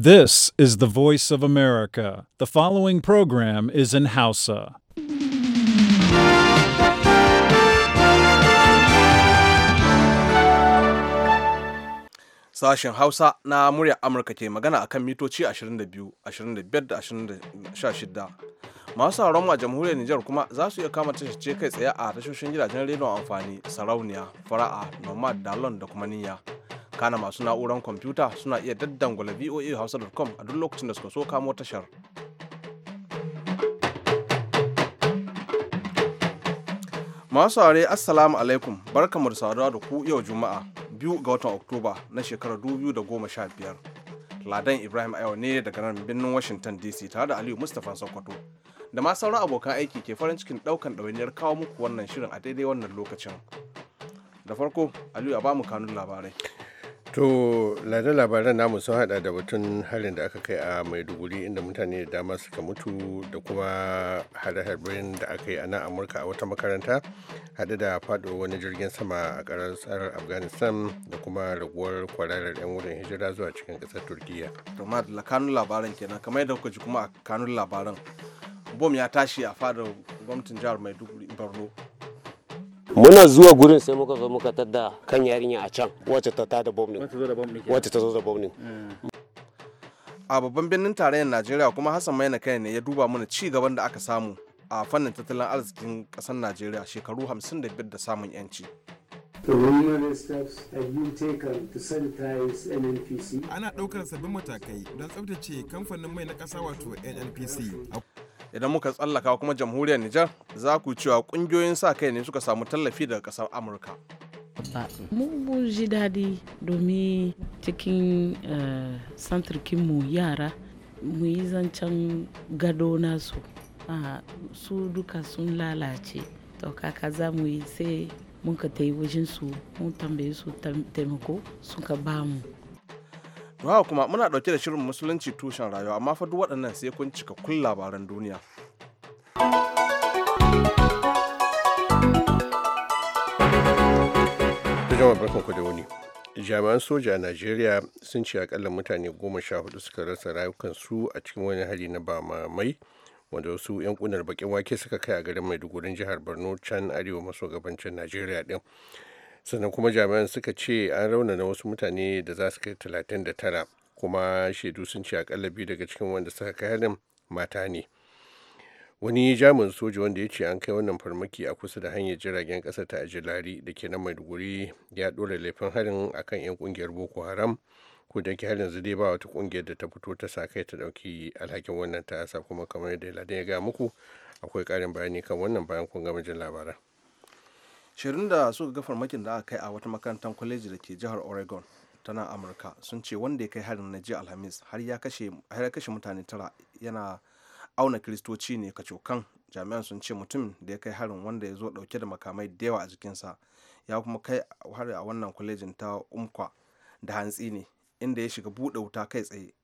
This is the voice of America. The following program is in Hausa. Sashen Hausa na murya Amurka ke magana akan mitoci 22, 25 da 16. Masu sauran a jamhuriyar Nijar kuma za su iya kama tashace kai tsaye a tashoshin gidajen rediyon amfani, sarauniya, fara'a, nomad, dalon da kuma niyya. kana masu na'uran kwamfuta suna iya daddangula voa hausa.com a duk lokacin da suka so kamo tashar masu are assalamu alaikum barkamu da saduwa da ku yau juma'a biyu ga watan oktoba na shekarar 2015 ladan ibrahim ayo ne daga nan birnin washington dc tare da aliyu mustapha sokoto da ma sauran abokan aiki ke farin cikin daukan ɗawainiyar kawo muku wannan shirin a daidai wannan lokacin da farko aliyu a bamu kanun labarai To ladan labaran namu sun hada da batun harin da aka kai a Maiduguri inda mutane da dama suka mutu da kuma hada-harbin da aka yi a nan Amurka a wata makaranta hade da fado wani jirgin sama a karar Afghanistan da kuma raguwar kwararar 'yan wurin hijira zuwa cikin kasar Turkiyya. To madalla kanun labaran kenan kamar yadda kuka ji kuma a kanun labaran. Bom ya tashi a fadar gwamnatin jihar Maiduguri Borno muna zuwa gurin sai muka zo muka tadda kan yarinya a can wacce ta tada bom wacce ta zo da bom ne a babban birnin tarayyar najeriya kuma hassan maina kai ne ya duba mana ci gaban da aka samu a fannin tattalin arzikin kasar najeriya shekaru 55 da samun yanci ana daukar sabbin matakai don tsabtace kamfanin mai na kasa wato nnpc idan muka tsallaka kuma jamhuriyar nijar za ku cewa kungiyoyin sa kai ne suka samu tallafi daga kasar amurka mun ji daɗi domin cikin eh, mu yara mu yi zancen gado nasu su duka sun lalace to kaka za mu yi sai mun ka ta yi wajen su mun tambaye su taimako suka ba mu To haka kuma muna ɗauke da shirin musulunci tushen rayuwa amma fa duk waɗannan sai kun cika kun labaran duniya. Jama'a barkanku da wuni. jami'an soja a najeriya sun ce akalla mutane goma sha hudu suka rasa rayukansu a cikin wani hari na ba mai wanda wasu 'yan kunar bakin wake suka kai a garin maidugurin jihar borno can arewa maso gabancin najeriya din sannan kuma jami'an suka ce an raunana wasu mutane da za su kai 39 kuma shaidu sun ce akalla biyu daga cikin wanda suka kai harin mata ne wani jami'in soja wanda ya ce an kai wannan farmaki a kusa da hanyar jiragen kasa ta ajilari da ke nan maiduguri ya ɗora laifin harin akan 'yan kungiyar boko haram ko da ke har yanzu ba wata kungiyar da ta fito ta sa kai ta dauki alhakin wannan ta'asa kuma kamar yadda ya gaya muku akwai karin bayani kan wannan bayan kun ga jin labaran shirin da suka ga farmakin da aka kai a wata makarantar kwaleji da ke jihar oregon ta nan amurka sun ce wanda ya kai harin na jiya alhamis har ya kashe mutane tara yana auna kiristoci ne kacokan jami'an sun ce mutum da ya kai harin wanda ya zo dauke da makamai da yawa a jikinsa ya kuma kai hari a wannan kwalejin ta umkwa da hantsi ne inda ya shiga buɗe wuta kai tsaye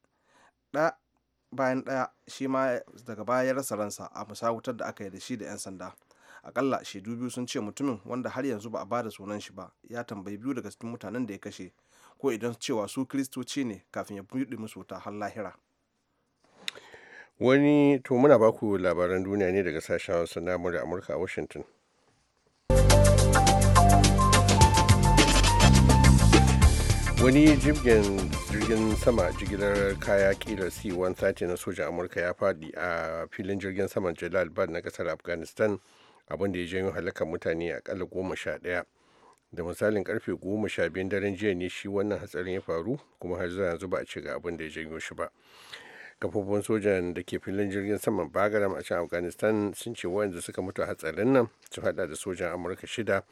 bayan ɗaya shi ma daga baya ya rasa ransa a wutar da aka yi da shi da 'yan sanda akalla shaidu biyu sun ce mutumin wanda har yanzu ba a bada sunan shi ba ya tambayi biyu daga cikin mutanen da ya kashe ko idan cewa su kristoci ne kafin ya buɗe musu wuta har lahira wani to muna baku labaran duniya ne daga sashen hausa na amurka a washington wani jirgin jirgin sama jigilar kaya kila c-130 na sojan amurka ya fadi a filin jirgin saman jalal bad na kasar afghanistan abin da ya janyo halakar mutane a kala goma sha ɗaya da misalin karfe goma sha biyun daren jiya ne shi wannan hatsarin ya faru kuma har zuwa yanzu ba a ce ga abin da ya janyo shi ba kafofin sojan da ke filin jirgin saman bagaram a can afghanistan sun ce wayanda suka mutu a hatsarin nan su hada da sojan amurka shida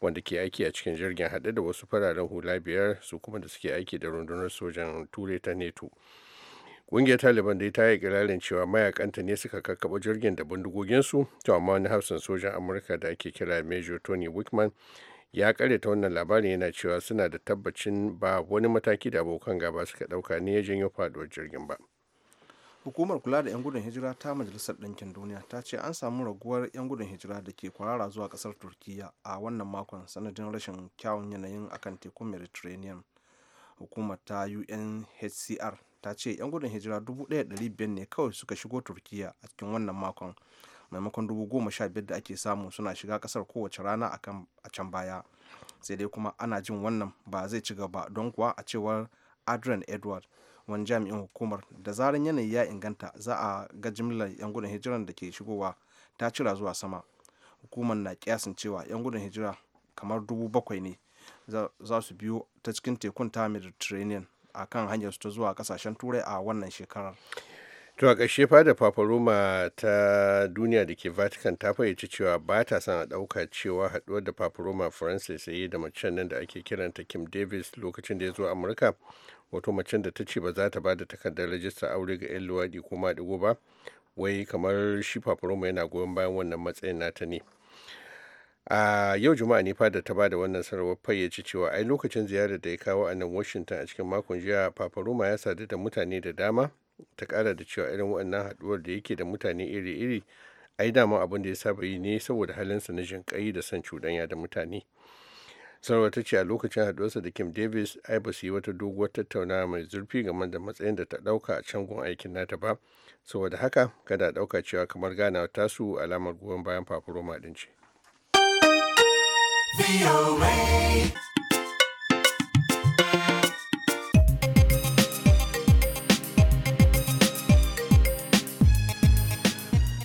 wanda ke aiki a cikin jirgin haɗe da wasu fararen hula biyar su kuma da suke aiki da rundunar sojan turai ta neto ƙungiyar taliban dai ta yi kirarin cewa mayakanta ne suka kakkaba jirgin da bindigoginsu to amma wani hafsan sojan amurka da ake kira major tony wickman ya karyata wannan labarin yana cewa suna da tabbacin ba wani mataki da abokan gaba suka ɗauka ne ya janyo faduwar jirgin ba hukumar kula da 'yan gudun hijira ta majalisar ɗinkin duniya ta ce an samu raguwar 'yan gudun hijira da ke kwarara zuwa ƙasar turkiya a wannan makon sanadin rashin kyawun yanayin akan tekun mediterranean hukumar ta unhcr ta ce 'yan gudun hijira 1,500 ne kawai suka shigo turkiya a cikin wannan makon maimakon 15,000 da ake samu suna shiga kasar kowace rana a can baya sai dai kuma ana jin wannan ba zai ci gaba don kuwa a cewar adrian edward wani jami'in hukumar da zaran yanayi ya inganta za a ga jimlar 'yan gudun hijiran da ke shigowa ta cira zuwa sama hukumar na kiyasin cewa 'yan gudun hijira kamar dubu bakwai ne za su biyo ta cikin tekun ta mediterranean a kan hanyar su ta zuwa kasashen turai a wannan shekarar to a ƙarshe fada roma ta duniya da ke vatican ta fayyace cewa ba ta son a ɗauka cewa haɗuwar da france faransa yi da macen nan da ake kiranta kim davis lokacin da ya zo amurka wato macen da ta ce ba za ta ba da takardar rajista aure ga 'yan luwaɗi ko maɗigo ba wai kamar shi roma yana goyon bayan wannan matsayin nata ne a yau juma'a ne fada ta bada wannan sanarwar fayyace cewa ai lokacin ziyarar da ya kawo a nan washington a cikin makon jiya fafaroma ya sadu da mutane da dama ta kara da cewa irin wannan haɗuwar da yake da mutane iri-iri ai dama abin da ya saba yi ne saboda halinsa na jin kai da son cuɗanya da mutane sanarwa ta ce a lokacin haɗuwarsa da kim davis ai ba su yi wata doguwar tattaunawa mai zurfi game da matsayin da ta ɗauka a can aikin nata ba saboda haka kada ɗauka cewa kamar ganawa tasu alamar goyon bayan fafaroma din ɗin ce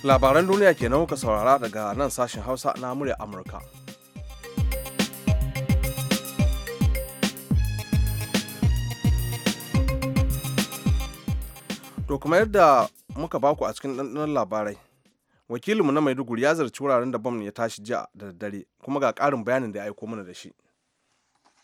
labaran duniya ke kenan muka saurara daga nan sashen hausa na murya amurka to kuma yadda muka baku a cikin ɗanɗanon labarai wakilinmu na maiduguri ya zarci wuraren da bam ya tashi jiya da daddare kuma ga ƙarin bayanin da ya aiko mana da shi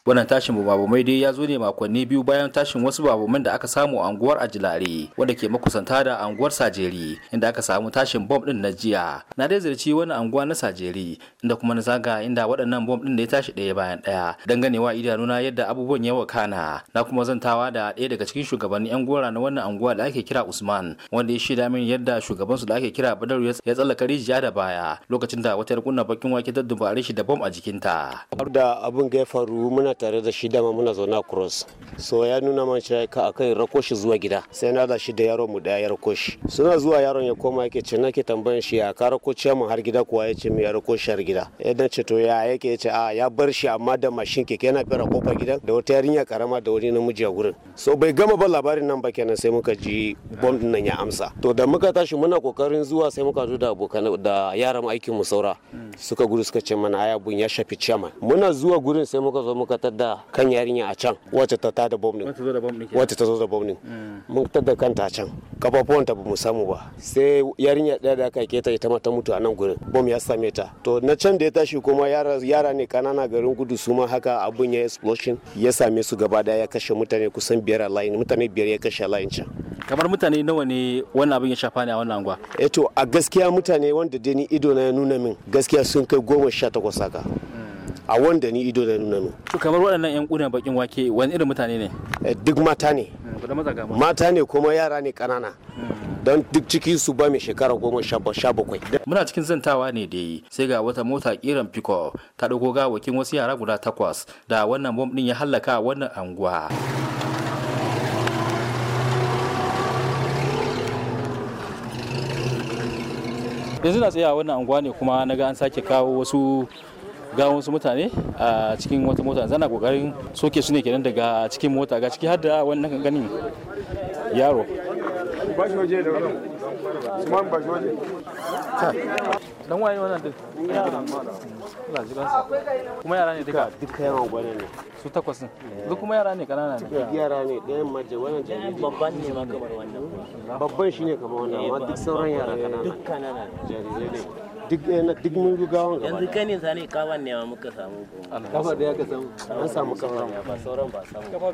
wannan tashin babamai dai ya zo ne makonni biyu bayan tashin wasu babamai da aka samu a anguwar ajilare wanda ke makusanta da anguwar sajeri inda aka samu tashin bom din na jiya na dai zirci wani anguwa na sajeri inda kuma na zaga inda waɗannan bom din da ya tashi ɗaya bayan ɗaya danganewa idanuna yadda abubuwan ya wakana na kuma zantawa da ɗaya daga cikin shugabannin yan gora na wannan anguwa da ake kira usman wanda ya shida min yadda shugabansu da ake kira badaru ya tsallaka rijiya da baya lokacin da wata yarkunna bakin wake ta dubare shi da bom a jikinta. da abin ga ya faru muna muna tare da shi dama muna zauna cross so ya nuna man cewa ka akan rako rakoshi zuwa gida sai na da shi da yaron mu da ya koshi suna zuwa yaron ya koma yake ce nake tambayan shi ya ka rako mu har gida kuwa ya ce mu ya rako har gida idan ce to ya yake ya ce a ya bar shi amma da mashin keke yana fara kofar gidan da wata yarinya karama da wani namiji a gurin so bai gama ba labarin nan ba kenan sai muka ji bomb din nan ya amsa to da muka tashi muna kokarin zuwa sai muka zo da abokan da yaran aikin mu saura hmm. suka gudu suka ce mana aya bun ya shafi chairman muna zuwa gurin sai muka zo muka da kan yarinya a can wacce ta tada bom din wacce ta zo da bom din mm. mun tada kanta a can kafafuwan ta bamu samu ba sai yarinya daya da aka ta ita ma ta mutu a nan gurin bom ya same ta to na can da ya tashi kuma yara yara ne kanana garin gudu su ma haka abun ya explosion ya same su gaba daya ya kashe mutane kusan biyar a layin mutane biyar ya kashe a layin can kamar mutane nawa ne wannan abin ya shafa ne a wannan angwa eh to a gaskiya mutane wanda dai ni ido na ya nuna min gaskiya sun kai goma sha takwas haka mm. a wanda ni ido da nuna to kamar waɗannan yan ƙunan bakin wake wani irin mutane ne eh, duk mata ne hmm, mata ne kuma yara ne ƙanana hmm. don duk ciki su ba mai shekara goma sha bakwai. Muna cikin zantawa ne dai sai ga wata mota kiran pickup ta ɗauko gawakin wasu yara guda takwas da wannan bom ɗin ya hallaka wannan anguwa. yanzu na tsaye a wannan anguwa ne kuma na ga an sake kawo wasu ga wasu mutane a cikin wata mota zana kokarin soke su ne kenan daga cikin mota ga ciki har wannan ganin yaro Eh, duk mun ga gawan gaba yanzu kai ne sani kawan ne ma muka samu kafa da ya ka samu an samu kawan ba sauran ba samu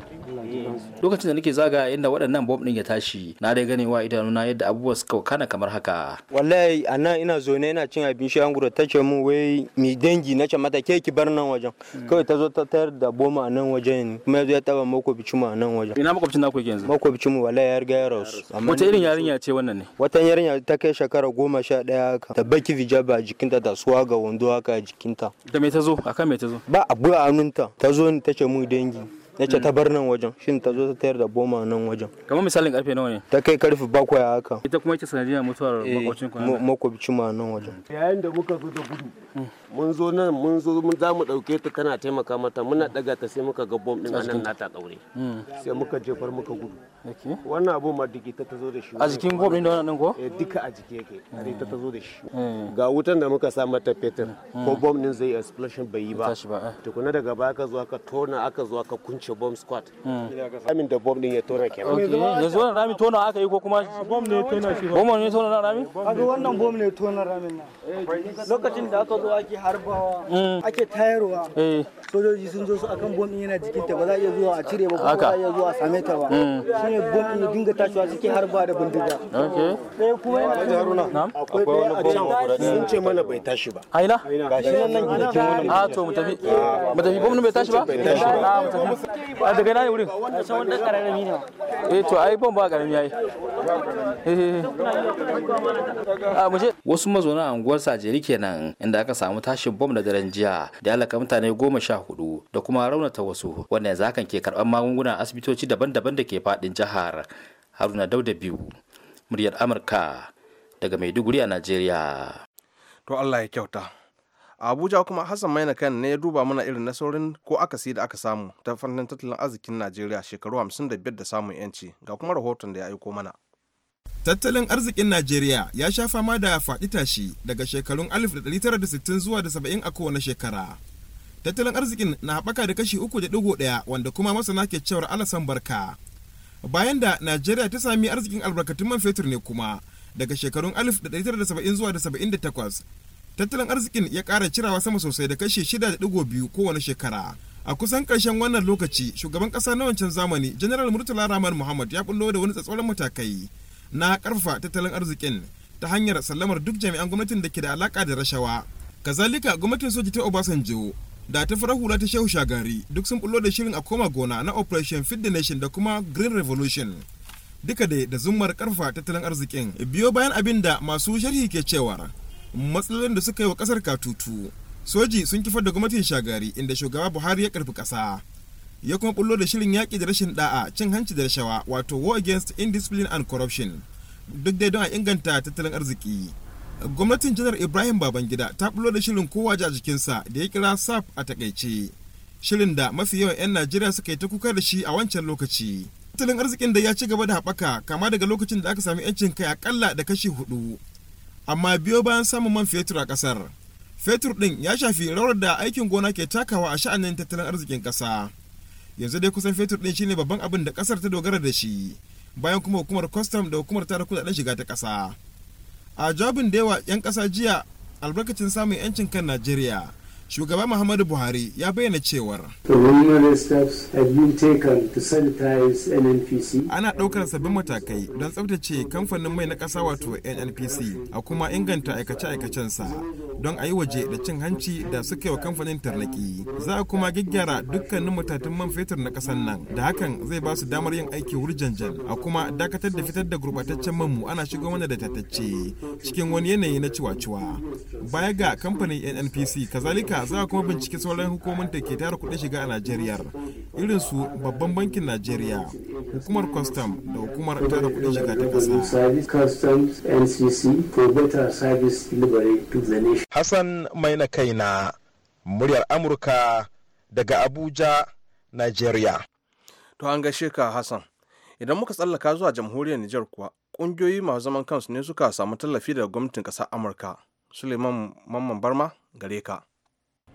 lokacin da nake zaga inda waɗannan bomb din ya tashi na dai ganewa idanuna yadda abubuwa suka kana kamar haka wallahi anan ina zo ne ina cin abin shi an gura tace mu wai mi dangi na mata ke ki bar nan wajen hmm. kawai ta zo ta tayar da boma a nan wajen kuma yazo ya taba makwabcin mu a nan wajen ina na ku yanzu makwabcin mu wallahi ya riga ya rasu wata irin yarinya ce wannan ne wata yarinya ta kai shekara goma sha ɗaya ta baki laba jikinta ta suwa ga wando haka jikinta da me ta zo kan me ta zo ba a a hannunta ta zo ni ta ce mu dangi na ce ta bar nan wajen shin ta zo ta tayar da boma nan wajen kamar misalin karfe nawa ne ta kai karfe bakwai haka ita kuma ce sanadiyar mutuwar eh, makwabcin ku makwabcin ma nan wajen yayin da muka zo da gudu mm. mun zo nan mun zo mun za mu dauke ta tana taimaka mata muna daga ta sai muka ga bom din nan nata daure hmm. sai muka jefar muka gudu wannan abu ma diki ta zo da shi a jikin bom din da wannan ko eh duka a jiki yake are ta zo da shi hmm. eh. ga wutan da muka sa mata fetur hmm. ko bom din zai explosion bai yi ba eh. tukuna daga baya ka zo aka tona aka zo aka kunce bom squad amin da bom din ya tona kenan yanzu wannan rami tona aka yi ko kuma ah, bom ne tona shi bom ne tona rami a wannan bom ne tona ramin nan lokacin da aka zo ake harbawa mm. ake tayarwa eh. sojoji sun zo su akan bom yana jikin ta ba za a iya zuwa a cire ba za a iya zuwa a same ta ba mm. shine ya dinga tashiwa suke da bindiga kuma yana da haruna akwai wani mm. sun ce mana bai tashi ba aina nan nan gidajen wani a to mu tafi ah, mu tafi bai tashi ba a ah, mu tafi a ah, daga nan wurin san karami ne eh to ai karami yayi eh, eh, wasu mazauna anguwar Sajeri kenan inda aka samu tashin bom na daren jiya da alaka mutane goma sha hudu da kuma raunata wasu wannan yanzu hakan ke karɓar magunguna asibitoci daban-daban da ke fadin jihar haruna dauda biyu muryar amurka daga maiduguri a najeriya to allah ya kyauta abuja kuma hassan maina kan ne ya duba mana irin nasarorin ko aka akasi da aka samu ta fannin tattalin arzikin najeriya shekaru 55 da samun yanci ga kuma rahoton da ya aiko mana Tattalin arzikin Najeriya ya sha fama da faɗi tashi daga shekarun 1960 zuwa da 70 a kowane shekara. Tattalin arzikin na haɓaka da kashi 3.1 wanda kuma masana ke cewar alasan barka. Bayan da Najeriya ta sami arzikin albarkatun man fetur ne kuma daga shekarun 1970 zuwa da 78 tattalin arzikin ya ƙara cirawa sama sosai da kashi 6.2 kowane shekara. a kusan ƙarshen wannan lokaci shugaban ƙasa na wancan zamani general murtala rahman muhammad ya bullo da wani tsatsauran matakai na karfafa tattalin arzikin ta hanyar sallamar duk jami'an gwamnatin da ke da alaka da rashawa kazalika gwamnatin soji ta obasanjo da ta fara hula ta shehu shagari duk sun bullo da shirin a koma gona na operation feed the nation da kuma green revolution duka da da zummar karfafa tattalin arzikin biyo bayan abin da masu sharhi ke cewa matsalolin da suka yi wa kasar katutu soji sun kifar da gwamnatin shagari inda shugaba buhari ya karfi kasa ya kuma bullo da shirin yaƙi da rashin da'a cin hanci da rashawa wato war against indiscipline and corruption duk dai don a inganta tattalin arziki gwamnatin janar ibrahim babangida ta bullo da shirin kowa a jikinsa da ya kira sap a takaice shirin da mafi yawan 'yan najeriya suka yi ta kuka da shi a wancan lokaci tattalin arzikin da ya ci gaba da haɓaka kama daga lokacin da aka sami 'yancin kai akalla da kashi hudu amma biyo bayan samun man fetur a kasar fetur ɗin ya shafi rawar da aikin gona ke takawa a sha'anin tattalin arzikin ƙasa yanzu dai kusan fetur din shine babban abin da kasar ta dogara da shi bayan kuma hukumar kwastam da hukumar tara kudaden shiga ta kasa. a jabin da yawa 'yan kasa jiya albarkacin samun 'yancin kan najeriya shugaba muhammadu buhari ya bayyana cewar ana ɗaukar sabbin matakai don tsabtace kamfanin mai na ƙasa wato nnpc a kuma inganta aikace aikacen sa don a yi waje da cin hanci da suka yi wa kamfanin tarnaki za a kuma gyaggyara dukkanin matatun man fetur na ƙasar nan da hakan zai ba su damar yin aiki wurjanjan a kuma dakatar da fitar da gurbataccen man mu ana shigo mana da tattace cikin wani yanayi na ciwa-ciwa baya ga kamfanin nnpc kazalika za a kuma binciki sauran hukumar da ke tara kuɗin shiga a najeriya irin su babban bankin najeriya hukumar custom da hukumar tara kuɗin shiga ta ƙasa hassan mai na kaina muryar amurka daga abuja najeriya to an gaishe ka hassan idan muka tsallaka zuwa jamhuriyar nijar kuwa kungiyoyi masu zaman kansu ne suka samu tallafi daga gwamnatin ƙasar amurka suleiman mamman barma gare ka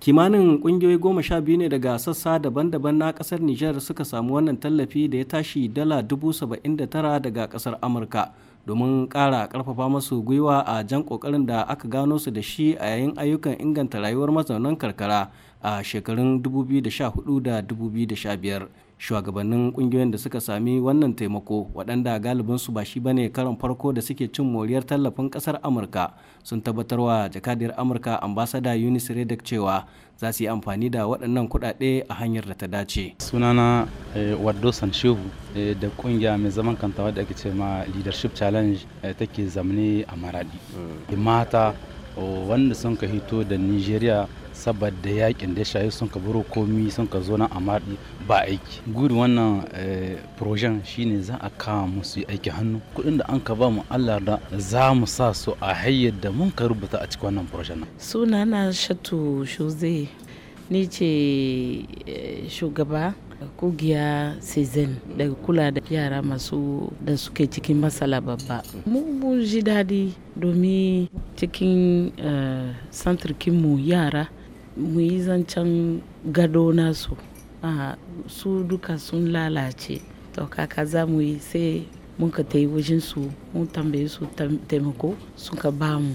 kimanin kungiyoyi goma sha biyu ne daga sassa daban-daban na kasar nijar suka samu wannan tallafi da ya tashi dala dubu saba'in da tara daga kasar amurka domin ƙara ƙarfafa masu gwiwa a jan ƙoƙarin da aka gano su da shi a yayin ayyukan inganta rayuwar mazaunan karkara a shekarun 2014 da 2015 shugabannin kungiyoyin da suka sami wannan taimako waɗanda galibinsu ba shi ba ne karon farko da suke cin moriyar tallafin ƙasar amurka sun tabbatarwa jakadiyar amurka ambasada yunis redek cewa za su yi amfani da waɗannan kuɗaɗe a hanyar da ta dace sunana eh, wardo shehu eh, da kungiya mai zaman kanta wadda ake ce ma leadership challenge eh, take zamne a maradi mm. mata oh, wanda sun ka hito da nigeria saboda yakin da shayi sun ka buru komi sun ka zo na a maɗi ba aiki gudu wannan eh, projen shine za a kama musu aiki hannu kuɗin da an ka ba mu allah da za mu sa su a hayyar da mun ka rubuta a cikin wannan projen nan suna na shatu shuze ni ce eh, shugaba kugiya season daga kula da yara masu da suke cikin masala babba mun ji daɗi domin cikin uh, yara mu yi zancen gado nasu su duka sun lalace to kaka za mu yi sai mun ka ta wajen su mun tambaye su taimako suka ba mu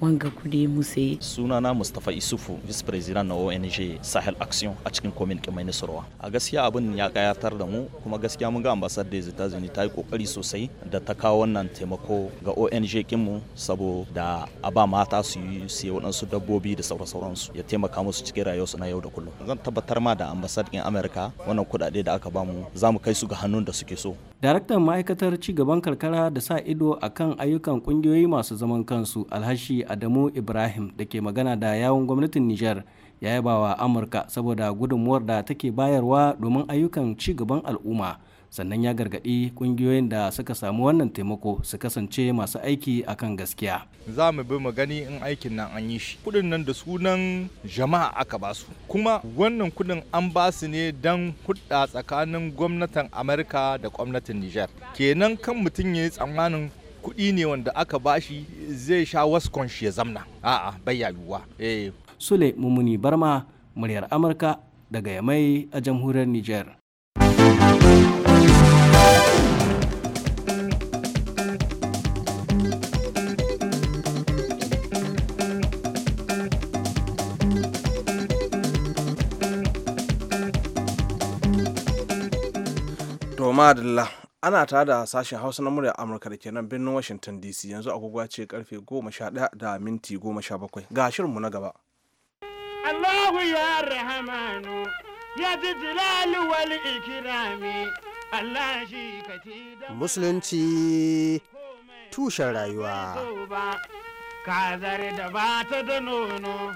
wanga musa yi Suna na Mustapha Isufu, Vice President na ONG Sahel Action a cikin komin Kimai Nasarawa. A gaskiya abin ya kayatar da mu kuma gaskiya mun ga ambasar da Zita Zini ta yi kokari sosai da ta kawo wannan taimako ga ONG kinmu saboda a ba mata su yi siya waɗansu dabbobi da sauransu ya taimaka musu cikin rayuwarsu na yau da kullum. Zan tabbatar ma da ambasar ɗin Amerika wannan kuɗaɗe da aka bamu za mu kai su ga hannun da suke so. Daraktan ma'aikatar ci gaban karkara da sa ido akan ayyukan kungiyoyi masu zaman kansu alhashi adamu ibrahim da ke magana da yawon gwamnatin nijar ya yaba wa amurka saboda gudunmuwar da take bayarwa domin ayyukan ci gaban al'umma sannan ya gargaɗi ƙungiyoyin da suka samu wannan taimako su kasance masu aiki akan gaskiya. Za mu bi mu gani in aikin nan an yi shi. Kudin nan da sunan jama'a aka ba su. Kuma wannan kudin an ba su ne don hudda tsakanin gwamnatin Amurka da gwamnatin Nijar. Kenan kan mutum ya yi tsammanin kuɗi ne wanda aka bashi zai sha waskon shi ya zamna a'a bai yayuwa eh sule mumuni barma muryar amurka daga yamai a jamhuriyar niger Toma Adalla ana tare da sashen hausa na murya amurka da kenan birnin washington dc yanzu agogo ce karfe 11 da minti 17 ga shirinmu na gaba allahu ya rahamanu ya ji jilali wal ikirami allah shi ka ci da musulunci tushen rayuwa da nono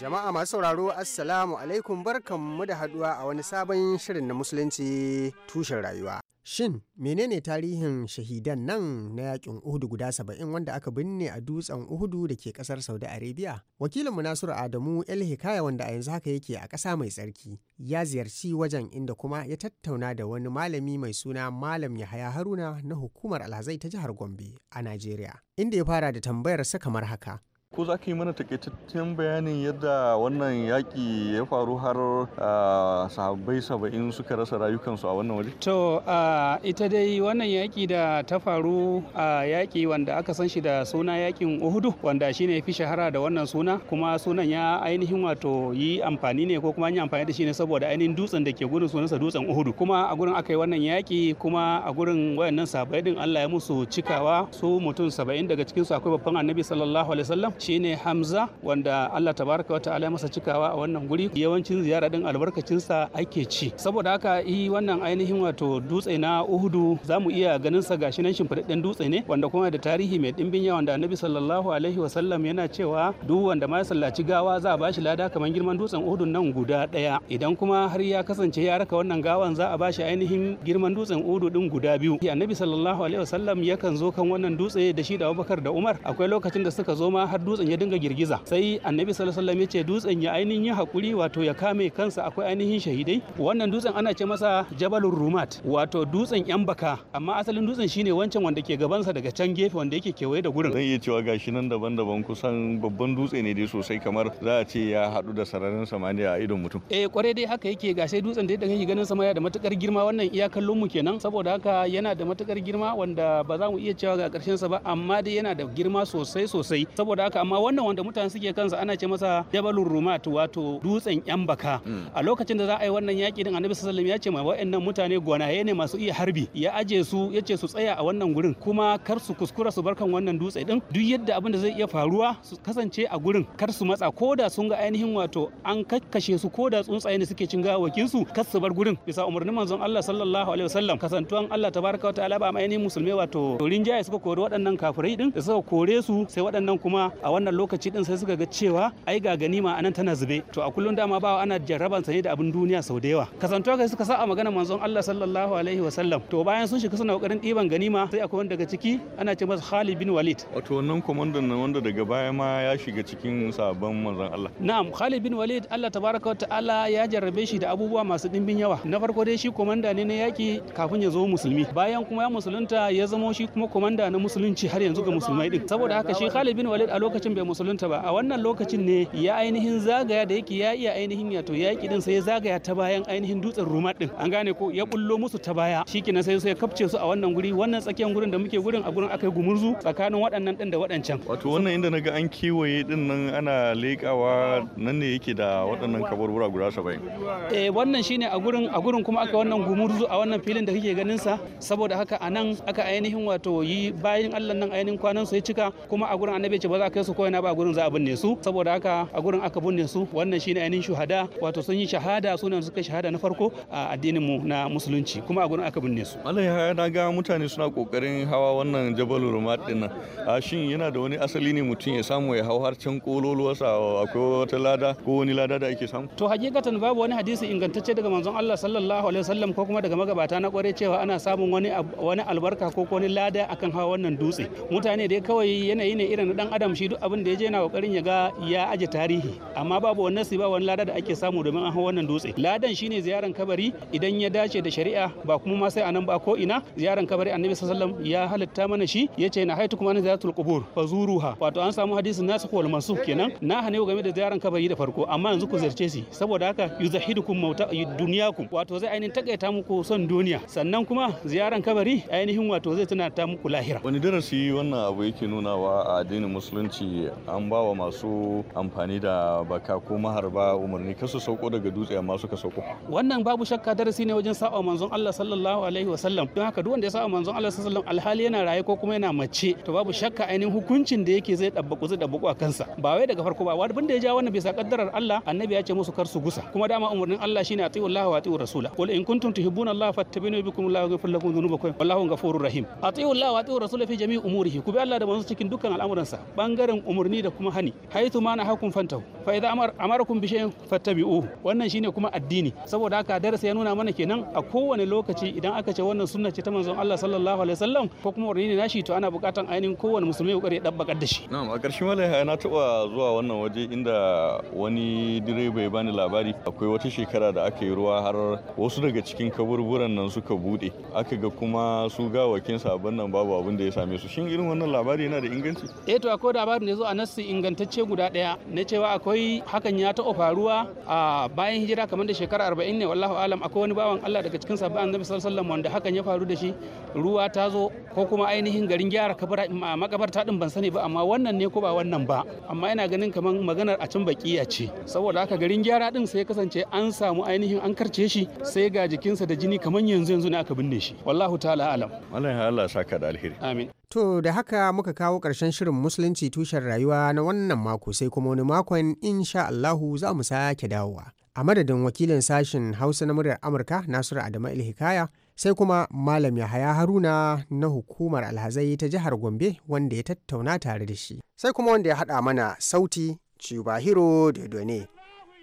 Jama'a masu sauraro Assalamu alaikum barkan mu da haduwa a wani sabon shirin na Musulunci tushen rayuwa Shin menene tarihin shahidan nan na yakin Uhudu guda saba'in wanda aka binne a dutsen Uhudu da ke kasar Saudi Arabia? Wakilinmu Nasiru Adamu El Hikaya wanda a yanzu haka yake a ƙasa mai tsarki ya ziyarci wajen inda kuma ya tattauna da wani malami mai suna Malam Yahaya Haruna na hukumar alhazai ta jihar Gombe a Najeriya. Inda ya fara da tambayarsa kamar haka. Ko za ka yi mana takaitaccen bayanin yadda wannan yaƙi ya faru har ah, sahabbai saba'in suka rasa rayukansu a wannan waje? To, ah, ita dai wannan yaƙi da ta faru a ah, yaƙi wanda aka san shi da suna yaƙin Uhudu wanda shine fi shahara da wannan suna kuma sunan ya ainihin wato yi amfani ne ko kuma an yi amfani da shi ne saboda ainihin dutsen da ke gurin sunansa dutsen Uhudu. Kuma a gurin aka yi wannan yaƙi kuma a gurin wayannan sabai din Allah ya musu cikawa su mutum saba'in daga cikinsu akwai babban annabi sallallahu alaihi wasallam ne Hamza wanda Allah tabaraka wata'ala masa cikawa a wannan guri yawancin ziyara din albarkacinsa ake ci saboda haka yi wannan ainihin wato dutse na Uhudu Za mu iya ganin sa gashi nan shimfiɗaɗɗen dutse ne wanda kuma da tarihi mai ɗimbin yawan da Annabi sallallahu alaihi wasallam yana cewa duk wanda ma ya sallaci gawa za a bashi lada kamar girman dutsen Uhudun nan guda ɗaya idan kuma har ya kasance ya raka wannan gawan za a bashi ainihin girman dutsen Uhudu din guda biyu Annabi sallallahu alaihi wasallam yakan zo kan wannan dutse da shi da Abubakar da Umar akwai lokacin da suka zo ma har dutsen ya dinga girgiza sai annabi sallallahu alaihi wasallam ya ce dutsen ya ainihin hakuri wato ya kame kansa akwai ainihin shahidai wannan dutsen ana ce masa jabalur rumat wato dutsen yan baka amma asalin dutsen shine wancan wanda ke gabansa daga can gefe wanda yake kewaye da gurin zan iya cewa gashi nan daban-daban kusan babban dutse ne dai sosai kamar za a ce ya haɗu da sararin samaniya a idon mutum eh kwarai dai haka yake ga sai dutsen da yake ganin sama ya da matukar girma wannan kallon mu kenan saboda haka yana da matukar girma wanda ba za mu iya cewa ga karshen sa ba amma dai yana da girma sosai sosai saboda haka amma wannan wanda mutane suke kansa ana ce masa jabalun rumat wato dutsen yan baka hmm. a lokacin da za a yi wannan yaki din annabi sallallahu alaihi wasallam ya ce ma wa'annan mutane gwanaye ne masu iya harbi ya aje su ya ce su tsaya a wannan gurin kuma kar su kuskura su barkan wannan dutse din duk yadda abin da zai iya faruwa su kasance a gurin kar su matsa ko da sun ga ainihin wato an kakkashe su ko da tsuntsaye ne suke cin gawakin su kar su bar gurin bisa umarnin manzon Allah sallallahu alaihi wasallam kasantuwan Allah tabaraka wa ta'ala ba ainihin musulmai wato rinjaye suka kori waɗannan kafirai din da suka kore su sai waɗannan kuma a wannan lokaci din sai suka ga cewa ai ga ganima anan tana zube to a kullun dama ba ana jarraban sa ne da abin duniya sau da yawa kasantuwa kai suka sa a magana manzon Allah sallallahu alaihi wasallam to bayan sun shiga suna kokarin diban ganima sai akwai wanda daga ciki ana ce masa Khalid bin Walid wato wannan komandan nan wanda daga baya ma ya shiga cikin sabon manzon Allah na'am Khalid bin Walid Allah tabaraka wa ta'ala ya jarrabe shi da abubuwa masu dimbin yawa na farko dai shi komanda ne na yaki kafin ya zo musulmi bayan kuma ya musulunta ya zamo shi kuma komanda na musulunci har yanzu ga musulmai din saboda haka shi Khalid bin Walid lokacin bai musulunta ba a wannan lokacin ne ya ainihin zagaya da yake ya iya ainihin ya to yaki din sai ya zagaya ta bayan ainihin dutsen rumat din an gane ko ya bullo musu ta baya shikenan sai sai kafce su a wannan guri wannan tsakiyar gurin da muke gurin a gurin akai gumurzu tsakanin waɗannan din da waɗancan wato wannan inda naga an kiwaye din nan ana leƙawa nan ne yake da waɗannan kaburbura guda saba'in. eh wannan shine a gurin a gurin kuma aka wannan gumurzu a wannan filin da kike ganin sa saboda haka anan aka ainihin wato yi bayan Allah nan ainihin kwanan su ya cika kuma a gurin annabi ce ba za ka kai su koyana ba a gurin za a binne su saboda haka a gurin aka binne su wannan shine ainihin shuhada wato sun yi shahada ne suka shahada na farko a addinin mu na musulunci kuma a gurin aka binne su Allah ya na ga mutane suna kokarin hawa wannan jabalul rumat din a shin yana da wani asali ne mutum ya samu ya hau har can kololuwarsa akwai wata lada ko wani lada da ake samu to hakikatan babu wani hadisi ingantacce daga manzon Allah sallallahu alaihi wasallam ko kuma daga magabata na kware cewa ana samun wani wani albarka ko wani lada akan hawa wannan dutse mutane dai kawai yanayi ne irin dan adam shi duk abin da ya je na kokarin ya ga ya aje tarihi amma babu wannan ba wani lada da ake samu domin an hau wannan dutse ladan shine ziyaran kabari idan ya dace da shari'a ba kuma ma sai anan ba ko ina ziyaran kabari annabi sallallahu alaihi wasallam ya halitta mana shi yace na haitu kuma na ziyaratul qubur zuruha wato an samu hadisin nasu wal mansukh kenan na hane game da ziyaran kabari da farko amma yanzu ku zarce shi saboda haka yuzahidukum mauta dunyakum wato zai ainihin takaita muku son duniya sannan kuma ziyaran kabari ainihin wato zai tana ta muku lahira wani darasi wannan abu yake nunawa a addinin musulunci ce an ba wa masu amfani da baka ko maharba umarni kasu sauko daga dutse amma suka sauko wannan babu shakka darasi ne wajen sa'a manzon Allah sallallahu alaihi wa sallam don haka duk wanda ya sa'a manzon Allah sallallahu alaihi wa sallam alhali yana raye ko kuma yana mace to babu shakka ainihin hukuncin da yake zai dabbaku zai dabbaku a kansa ba wai daga farko ba wani da ya ja wannan bisa kaddarar Allah annabi ya ce musu kar su gusa kuma dama umarnin Allah shine atiyu Allah wa atiyu rasula qul in kuntum tuhibbuna Allah fattabinu bikum Allah yaghfir lakum dhunubakum wallahu ghafurur rahim atiyu Allah wa atiyu rasula fi jami'i umurihi ku bi Allah da manzo cikin dukkan al'amuransa bangaren tsarin umarni da kuma hani haitu ma na hakun fantau fa idza amarakum bi shay'in fattabi'uhu wannan shine kuma addini saboda haka darasi ya nuna mana kenan a kowane lokaci idan aka ce wannan sunna ce ta manzon Allah sallallahu alaihi wasallam ko kuma umarni ne nashi to ana buƙatan ainihin kowane musulmi ya dabbakar da shi na'am a ƙarshen wallahi na taba zuwa wannan waje inda wani direba ya bani labari akwai wata shekara da aka yi ruwa har wasu daga cikin kaburburan nan suka bude aka ga kuma su gawakin sabon nan babu abin da ya same su shin irin wannan labari yana da inganci eh to akwai hakan ya zo a nassi ingantacce guda ɗaya na cewa akwai hakan ya taɓa faruwa a bayan hijira kamar da shekara arba'in ne wallahu alam akwai wani bawan Allah daga cikin sabbin annabi sallallahu alaihi wasallam wanda hakan ya faru da shi ruwa ta zo ko kuma ainihin garin gyara kabara makabarta din ban sani ba amma wannan ne ko ba wannan ba amma ina ganin kamar maganar a can bakiya ce saboda haka garin gyara din sai kasance an samu ainihin an karce shi sai ga jikinsa da jini kamar yanzu yanzu ne aka binne shi wallahu ta'ala alam wallahi Allah saka da alheri amin To da haka muka kawo ƙarshen shirin Musulunci tushen rayuwa na wannan mako sai kuma wani makon insha Allahu za mu sake dawowa. A madadin wakilin sashen Hausa na muryar Amurka Nasiru Adamu Ilhikaya sai kuma Malam Yahaya Haruna na hukumar alhazai ta jihar Gombe wanda ya tattauna tare da shi. Sai kuma wanda ya haɗa mana sauti Cibahiro Dodone.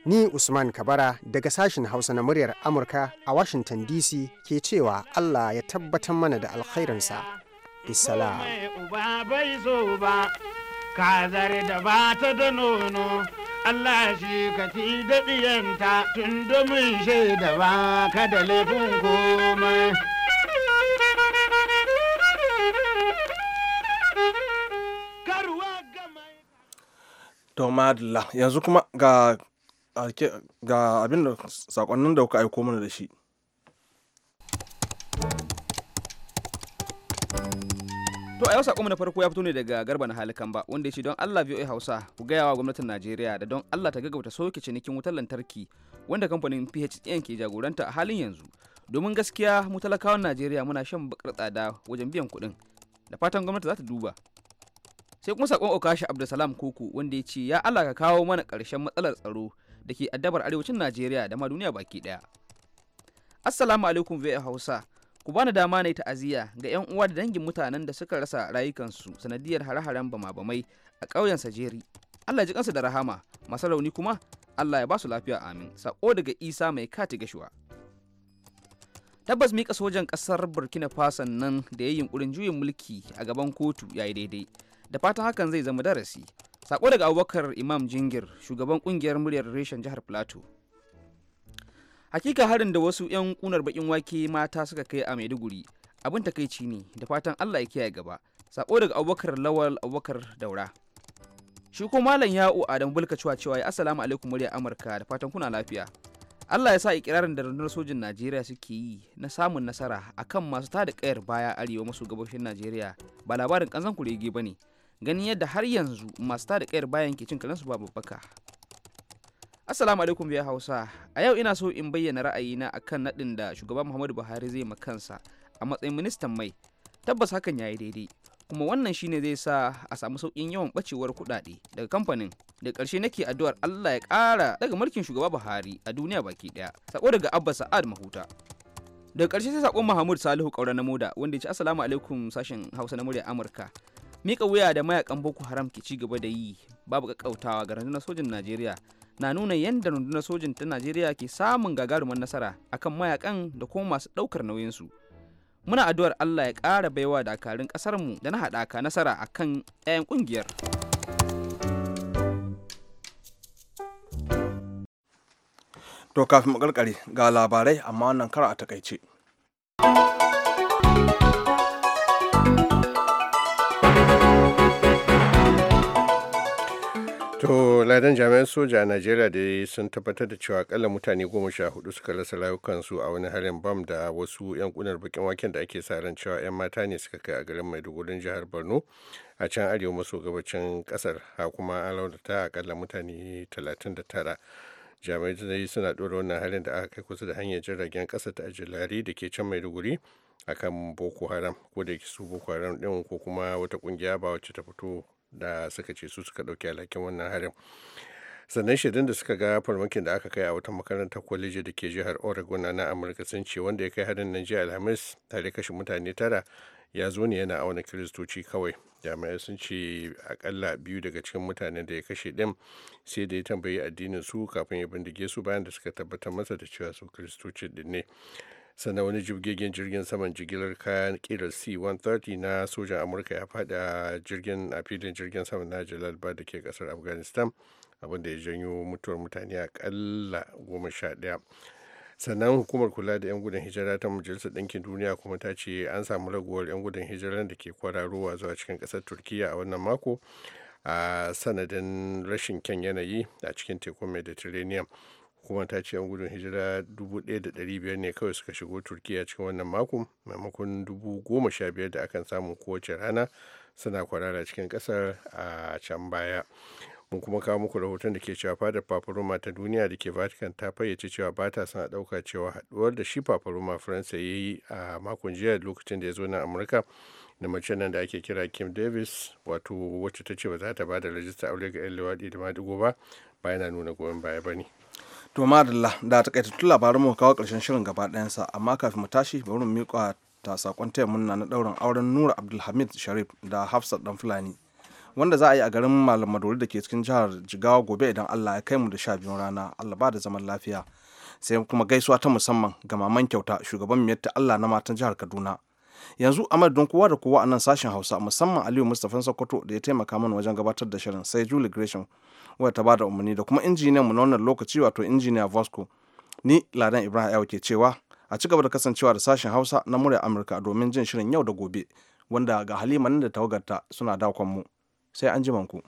Ni Usman Kabara daga sashen Hausa na muryar Amurka a Washington DC ke cewa Allah ya tabbatar mana da alkhairinsa. uba bai so ba kazar da da nono Allah shi ka fi daɗiyanta tun da mun shaida ba ka da laifin komai. Tomadla yanzu kuma ga abin da saƙonnin da kuka aiko mana da shi. To a yau sakon na farko ya fito ne daga Garba na Halikan ba wanda ya ce don Allah VOA Hausa ku gaya wa gwamnatin Najeriya da don Allah ta gaggauta soke cinikin wutar lantarki wanda kamfanin PHN ke jagoranta a halin yanzu. Domin gaskiya mu talakawan Najeriya muna shan bakar tsada wajen biyan kuɗin. Da fatan gwamnati za ta duba. Sai kuma sakon Okashi Abdulsalam Koko wanda ya ce ya Allah ka kawo mana ƙarshen matsalar tsaro da ke addabar arewacin Najeriya da ma duniya baki ɗaya. Assalamu alaikum VOA Hausa. ku bani dama ne ta'aziyya ga 'yan uwa da dangin mutanen da suka rasa rayukansu sanadiyar hare-haren bama a ƙauyen sajeri allah ji kansu da rahama masu rauni kuma allah ya ba su lafiya amin sako daga isa mai kati gashuwa tabbas mika sojan kasar burkina faso nan da ya yi yunkurin juyin mulki a gaban kotu ya yi daidai da fatan hakan zai zama darasi sako daga abubakar imam jingir shugaban kungiyar muryar reshen jihar plateau hakika harin da wasu 'yan kunar bakin wake mata suka kai a maiduguri abin takaici ne da fatan allah ya kiyaye gaba sako daga abubakar lawal abubakar daura shi ko malam ya'u adamu bulka cewa cewa ya assalamu alaikum murya amurka da fatan kuna lafiya allah ya sa ikirarin da rundunar sojin najeriya suke yi na samun nasara akan masu tada kayar baya arewa maso gabashin najeriya ba labarin kanzan kurege ba ne ganin yadda har yanzu masu tada kayar bayan ke cin kalansu ba babbaka Assalamu alaikum biya Hausa. A yau ina so in bayyana ra'ayina akan naɗin da shugaban Muhammadu Buhari zai ma kansa a matsayin ministan mai. Tabbas hakan yayi daidai. Kuma wannan shine zai sa a samu sauƙin yawan ɓacewar kuɗaɗe daga kamfanin. Da ƙarshe nake addu'ar Allah ya ƙara daga mulkin shugaba Buhari a duniya baki ɗaya. Sako daga Abba Sa'ad Mahuta. Daga ƙarshe sai saƙon Muhammad Salihu Ƙaura na Moda wanda ya ci Assalamu alaikum sashen Hausa na murya Amurka. Mika wuya da mayakan Boko Haram ke ci gaba da yi babu ƙaƙƙautawa ga rundunar sojin Najeriya na nuna yadda rundunar sojin ta najeriya ke samun gagarumin nasara akan mayakan da kuma masu daukar nauyinsu muna addu'ar allah ya ƙara baiwa dakarun ƙasarmu da na haɗaka nasara akan 'ya'yan ƙungiyar to kafin mu ga labarai amma wannan kara a takaice kadan jami'an soja a najeriya da sun tabbatar da cewa akalla mutane goma sha hudu suka rasa rayukansu a wani harin bam da wasu 'yan kunar bakin waken da ake sa ran cewa 'yan mata ne suka kai a garin maiduguri jihar borno a can arewa maso gabacin kasar ha kuma an launata akalla mutane 39 jami'ai suna ɗora wannan harin da aka kai kusa da hanyar jiragen kasa ta ajilari da ke can maiduguri akan boko haram ko da su boko haram ɗin ko kuma wata kungiya ba wacce ta fito da suka ce su suka ɗauki alhakin wannan harin sannan shirin da suka ga farmakin da aka kai a wata makarantar kwaleji da ke jihar oregon na amurka sun ce wanda ya kai harin nan jiya alhamis tare kashe mutane tara ya zo ne yana auna kiristoci kawai jami'ai sun ce akalla biyu daga cikin mutanen da ya kashe din sai da ya tambayi addinin su kafin ya bindige su bayan da suka tabbatar masa da cewa su kiristoci din ne sannan wani jirgin jirgin saman jigilar kayan kirar c-130 na sojan amurka ya fada jirgin a filin jirgin saman na ba da ke kasar afghanistan abinda ya janyo mutuwar mutane akalla goma sha daya sannan hukumar kula da 'yan gudun hijira ta majalisar ɗinkin duniya kuma ta ce an samu raguwar 'yan gudun hijiran da ke kwararowa zuwa cikin ƙasar turkiya a wannan mako a sanadin rashin kyan yanayi a cikin tekun mediterranean hukumar ta ce 'yan gudun hijira 1,500 ne kawai suka shigo turkiya cikin wannan mako maimakon 15,000 da akan samu kowace rana suna kwarara cikin kasar a can baya mun kuma kawo muku rahoton da ke cewa fadar paparoma ta duniya da ke vatican ta fayyace cewa ba ta son dauka ɗauka cewa haɗuwar da shi paparoma faransa ya yi a makon jiya lokacin da ya zo na amurka da mace nan da ake kira kim davis wato wacce ta ce ba za ta ba da rajista aure ga 'yan lewaɗi da madigo ba ba yana nuna goyon baya ba ne To madalla da takaitattun labarin mu kawo karshen shirin gaba sa amma kafin mu tashi bari mu miƙa ta sakon taya munna na daurin auren Nura Abdulhamid Sharif da Hafsat Dan Fulani wanda za a yi a garin Malam madori da ke cikin jihar Jigawa gobe idan Allah ya kai mu da sha biyun rana Allah ba da zaman lafiya sai kuma gaisuwa ta musamman ga maman kyauta shugaban miyatta Allah na matan jihar Kaduna yanzu a don kowa da kowa a nan sashen hausa musamman aliyu mustafa sokoto da ya taimaka mana wajen gabatar da shirin sai julie gresham wadda ta bada umarni da kuma injiniyan mu na wannan lokaci wato injiniya Vasco ni Ladan Ibrahim Ayo ke cewa a ci gaba da kasancewa da sashen Hausa na murya Amurka domin jin shirin yau da gobe wanda ga Halima nan da tawagarta suna dakon mu sai an ku.